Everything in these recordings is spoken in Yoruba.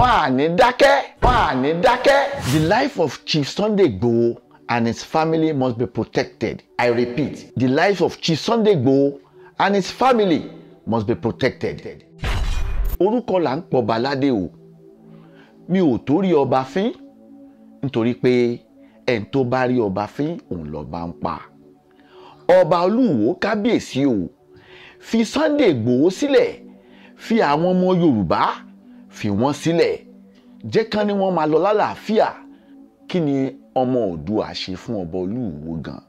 wọn à ní dákẹ́ wọn à ní dákẹ́. The life of Chief Sunday Igboho and his family must be protected. I repeat, the life of Chief Sunday Igboho and his family must be protected. orúkọ là ń pọ̀ baládé o mi ò torí ọba fín nítorí pé ẹni tó bá rí ọba fín òun lọ́ba ń pa ọba olúwo kábíyèsí o fi Sunday Igboho sílẹ̀ fi àwọn ọmọ Yorùbá fi wọ́n sílẹ̀ jẹ́ kán ni wọ́n máa lọ lálàáfíà kí ni ọmọ Oòduà ṣe fún ọba Olúwo gan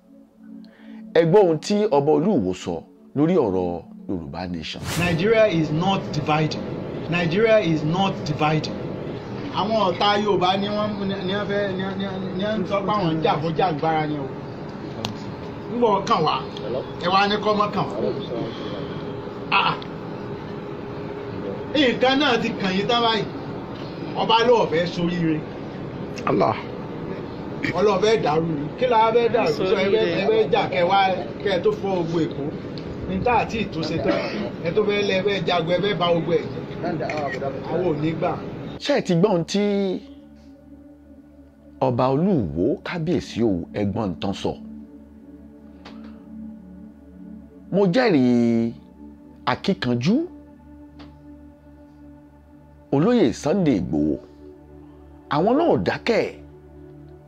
ẹ ohun tí ọba Olúwo sọ lórí ọ̀rọ̀ Yorùbá nation. Nigeria is not divided Nigeria is not divided àwọn ọ̀tá Yorùbá ni wọ́n ní wọ́n fẹ́ ní wọ́n sọ pé àwọn jà fún jàgbára ni o ń bọ̀ kàn wá ẹ wá ní kọ́ mọ́ kàn wá nǹkan náà ti kàn yín tán báyìí ọba lóò fẹ́ soríire ọlọ́ọ̀fẹ́ dàrú ni kí la fẹ́ dàrú sọ ẹ fẹ́ jà kẹwa kẹ tó fọ ogbó èkó ní tá àti ìtúnṣe tán ẹ tó fẹ́ lẹ fẹ́ jagun ẹ fẹ́ ba ogbó ẹ̀ jẹ́ àwọn ò ní gbà. ṣé ẹ ti gbọ́n tí ọba olúwo kábíyèsí o ẹ̀gbọ́n nǹkan sọ mo jẹ́rìí akíkanjú olóyè Sunday Ìgbòho àwọn náà dákẹ́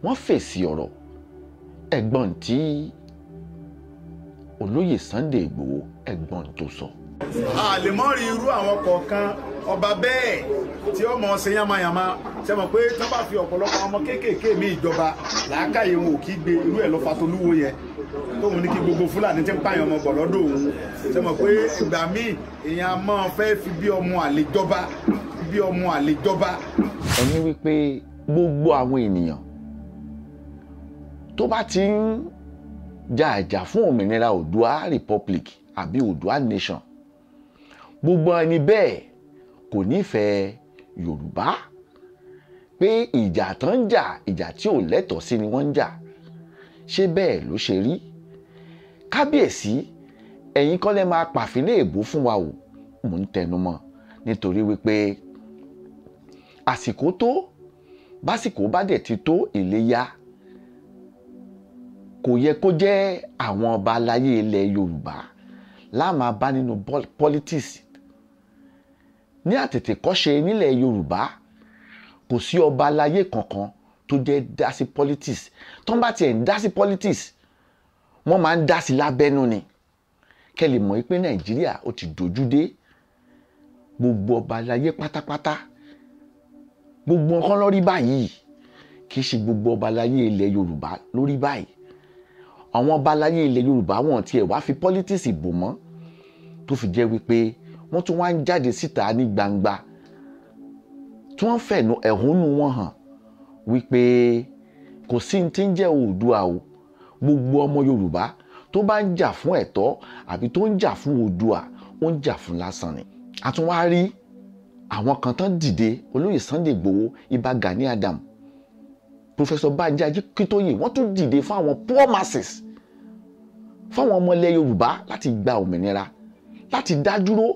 wọ́n fèsì ọ̀rọ̀ ẹ̀gbọ́n tí olóyè Sunday Ìgbòho ẹ̀gbọ́n tó sọ. a lè mọ rí irú àwọn kọ̀ọ̀kan ọba bẹ́ẹ̀ tí ọmọ ṣe yamayama ṣe mọ̀ pé tó bá fi ọ̀pọ̀lọpọ̀ ọmọ kéékèèké mi ìjọba làákàyè wọn ò kí gbé irú ẹ̀ lọ́fà tó lúwo yẹn tóun ní kí gbogbo fúlàní ti ń pààyàn ọmọ bọ̀ lọ́dọ̀ òun ṣe mọ̀ pé ìgbà míì èèyàn máa fẹ́ fi bí ọmọ àlejọba bí ọmọ àlejọba. ẹni wípé gbogbo àwọn ènìyàn tó bá ti ń jàjà fún òmìnira Oòduà Republic àbí Oòduà Nation gbogbo ẹni bẹ́ẹ̀ kò nífẹ̀ẹ́ Yorùbá pé ìjà tó ń jà ìjà tí ò lẹ́tọ̀ọ́ sí ni wọ́n ń jà ṣé bẹ́ẹ̀ ló ṣe rí kábíyèsí ẹ̀yin kọ́ máa pàfilé èbó fún wa o mò ń tẹnu mọ́ nítorí wípé àsìkò tó básìkò bá dẹ̀ ti tó ìléyá kò yẹ kó jẹ́ àwọn ọba aláyé ilẹ̀ Yorùbá láàmà bá nínú politics ní àtètèkọ́ṣe nílẹ̀ Yorùbá kò sí ọba aláyé kankan tó jẹ́ dá sí politics tó ń bá tiẹ̀ ń dá sí politics wọ́n máa ń dá sí lábẹ́nú ni kẹ́ mọ̀ pé Nàìjíríà ó ti dojú dé gbogbo ọba aláyé pátápátá gbogbo ọkàn lórí báyìí kì í ṣe gbogbo ọba láyé ilẹ̀ Yorùbá lórí báyìí àwọn ọba láyé ilẹ̀ Yorùbá wọn tiẹ̀ wá fi politics bò mọ́ tó fi jẹ́ wípé wọ́n tún wá ń jáde síta ní gbangba tí wọ́n fẹ̀nu ẹ̀hónú wọn hàn wípé kò sí ní tí ń jẹ́ Oòduà o gbogbo ọmọ Yorùbá tó bá ń jà fún ẹ̀tọ́ àbí tó ń jà fún Oòduà ó ń jà fún lásán ni a tún wá rí àwọn kan tán dìde olóyè Sunday Igboho ibà Gani Adam Professor Banji Akintoye wọ́n tún dìde fún àwọn poor masses fáwọn ọmọ ilẹ̀ Yorùbá láti gba òmìnira láti dá dúró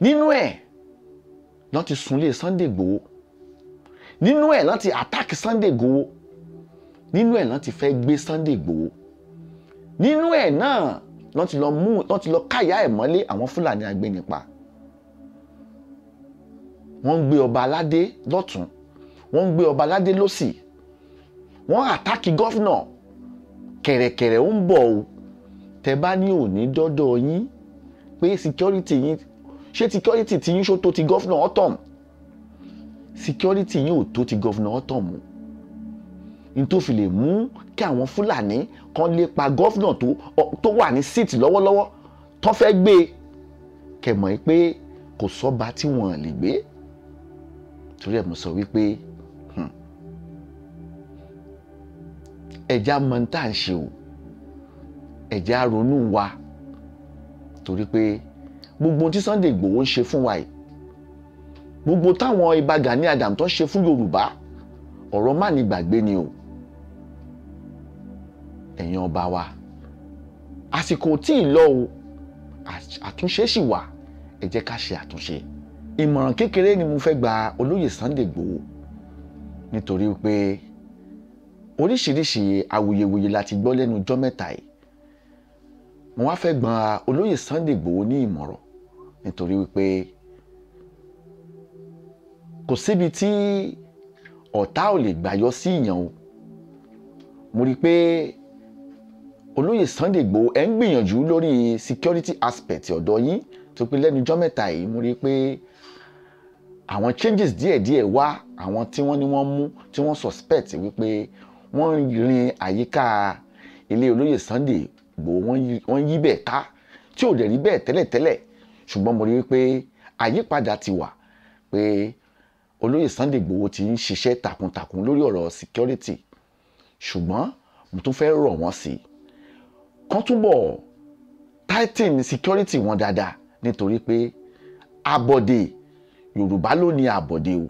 nínú ẹ̀ náà ti sunlé Sunday Igboho nínú ẹ̀ náà ti attack Sunday Igboho nínú ẹ̀ náà ti fẹ́ gbé Sunday Igboho nínú ẹ̀ náà lọ́n ti lọ mú lọ́n ti lọ káyà ẹ̀ mọ́lé àwọn fúlàní agbẹnipa wọ́n ń gbé ọba aládé lọ́tún wọ́n ń gbé ọba aládé lọ́sì wọ́n àtàkì gọ́fìnà kẹ̀rẹ̀kẹ̀rẹ̀ ó ń bọ̀ o tẹ bá ní òní dọ́dọ̀ yín pé security yín ṣé security ti yín ṣó tó ti gọ́fìnà ọ̀tọ̀m security yín ò tó ti gọ́fìnà ọ̀tọ̀m o n tó fi lè mú kí àwọn fúlàní kan lè pa gọ́fìnà tó wà ní síìtì lọ́wọ́lọ́wọ́ tó fẹ́ gbé e kẹmọ̀ pé kò sọ́ba tí wọ́n lè gbé torí ẹ̀ mo sọ wípé hmm, ẹ̀já mọ̀ ń tà ń ṣe o ẹ̀já ronú wa torí pé gbogbo tí Sunday Igboho ń ṣe fún wa yìí gbogbo táwọn Ìbà Gani Adam tó ń ṣe fún Yorùbá ọ̀rọ̀ má ní gbàgbé ni o ẹ̀yin ọba wa àsìkò tí ì lọ o àtúnṣe sì wà ẹ jẹ́ ká ṣe àtúnṣe ìmọ̀ràn kékeré ni mo fẹ́ gba olóyè Sunday Igboho nítorí pé oríṣiríṣi awuyewuye la ti gbọ́ lẹ́nu ọjọ́ mẹ́ta yìí mo wá fẹ́ gba olóyè Sunday Igboho ní ìmọ̀ràn nítorí wípé kò síbi tí ọ̀tá ò lè gbà yọ sí ìyàn o mo rí i pé olóyè Sunday Igboho ẹ̀ ń gbìyànjú lórí security aspect ọ̀dọ̀ yín tó pé lẹ́nu ijọ́ mẹ́ta yìí mo rí i pé àwọn changes díẹ̀díẹ̀ wá àwọn tí wọ́n ní wọ́n mú tí wọ́n suspect wípé wọ́n rin àyíká ilé olóyè Sunday Igboho wọ́n yí bẹ́ẹ̀ ká tí ò dẹ̀ rí bẹ́ẹ̀ tẹ́lẹ̀tẹ́lẹ̀ ṣùgbọ́n mo rí i pé àyípadà ti wà pé olóyè Sunday Igboho ti ń ṣiṣẹ́ takuntakun lórí ọ̀rọ̀ security ṣùgbọ́n mo tún fẹ́ rọ̀ wọ́n sí i kán túbọ̀ tighten security wọn dáadáa nítorí pé àbọ̀dè Yorùbá ló ní àbọ̀dè o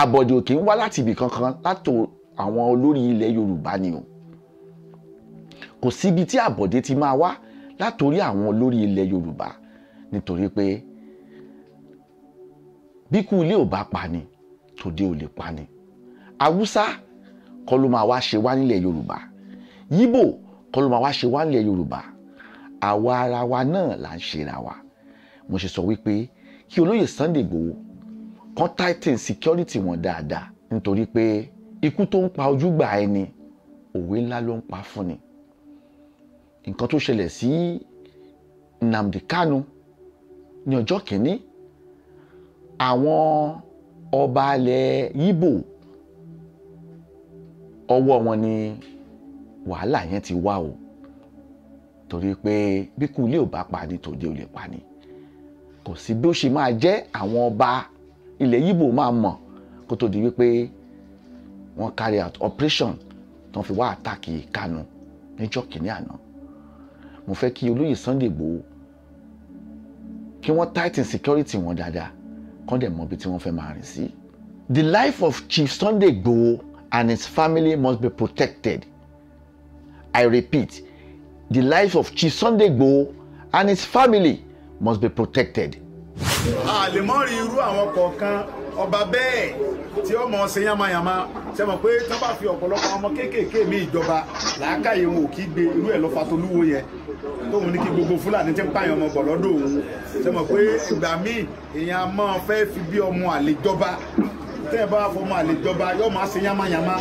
àbọ̀dè ò kì í wá láti ibì kankan látò àwọn olórí ilẹ̀ Yorùbá ni o kò síbi tí àbọ̀dè ti máa wá látòrí àwọn olórí ilẹ̀ Yorùbá nítorí pé bíkú ilé ò bá pa ni tòde ò lè pa ni Haúsá kọ́ ló máa wá ṣe wá nílẹ̀ Yorùbá Yíbò kọ́ ló máa wá ṣe wá yorùbá àwa ara wa náà là ń ṣe wa mo ṣe sọ wípé kí olóyè Sunday Igboho kan tighten security wọn dáadáa nítorí pé ikú tó ń pa ojúgbà ẹni òwe ńlá ló ń pa fún ni nǹkan tó ṣẹlẹ̀ sí Nnamdi Kanu ní ọjọ́ kìíní àwọn ọba alẹ̀ Yíbò ọwọ́ wọn ni wàhálà yẹn ti wá o torí pé bí kú ilé ò bá pa ni tòde ò lè pa ni kò sí bí ó ṣe máa jẹ́ àwọn ọba ilẹ̀ yíbò máa mọ̀ kó tó di wípé wọ́n carry out operation tó fi wá àtàkì Kanu níjọ́ kìíní àná mo fẹ́ kí olóyè Sunday Igboho kí wọ́n tighten security wọn dáadáa kán dẹ̀ mọ ibi tí wọ́n fẹ́ máa rìn sí. The life of Chief Sunday Igboho and his family must be protected I repeat, the life of Chisunde Igboho and his family must be protected. ọba bẹ́ẹ̀ tí ó mọ̀ yamayama ṣe mọ̀ pé tó bá fi ọ̀pọ̀lọpọ̀ ọmọ kéékèèké mi ìjọba làákàyè wọn ò kí gbé irú ẹ̀ lọ́fà tó lúwo yẹn tóun ní kí gbogbo fúlàní tí ń pààyàn ọmọ bọ̀ òun ṣe pé ìgbà míì èèyàn máa fẹ́ fi bí ọmọ àlejọba tẹ́ ẹ bá fọmọ àlejọba yóò máa yamayama.